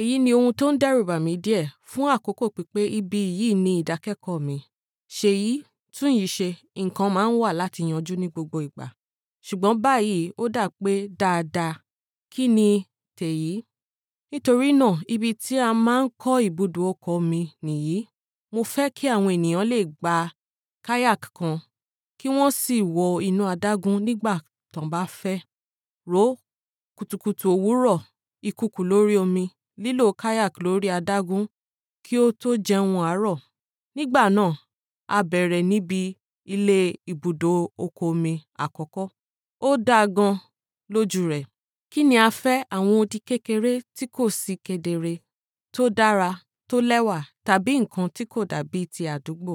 Èyí ni ohun tó ń dẹ́rùbà mí díẹ̀ fún àkókò pípé ibí yìí ni ìdákẹ́kọ̀ọ́ mi. Ṣèyí, túnyìí ṣe, nǹkan máa ń wà láti yanjú ní gbogbo ìgbà. Ṣùgbọ́n báyìí ó dà pé dáadáa. Kí ni tèyí? Nítorí náà ibi tí a máa ń kọ́ ibùdó ọkọ̀ mi nìyí. Mo fẹ́ kí àwọn ènìyàn lè gba kayak kan, kí wọ́n sì wọ inú adágún nígbà tán bá fẹ́, ró kùtùkùtù òwúrọ̀, ìkùùkuu lórí omi, lílo kayak lórí adágún kí ó tó jẹun àárọ̀. Nígbà náà, a bẹ̀rẹ̀ níbi ilé ibùdó ọkọ̀ omi àkọ́kọ́. Ó dáa gan lójú rẹ̀. Kí ni a fẹ́ àwọn odi kékeré tí kò sí kedere, tó dára, tó lẹ́wà tàbí nǹkan tí kò dàbí ti àdúgbò?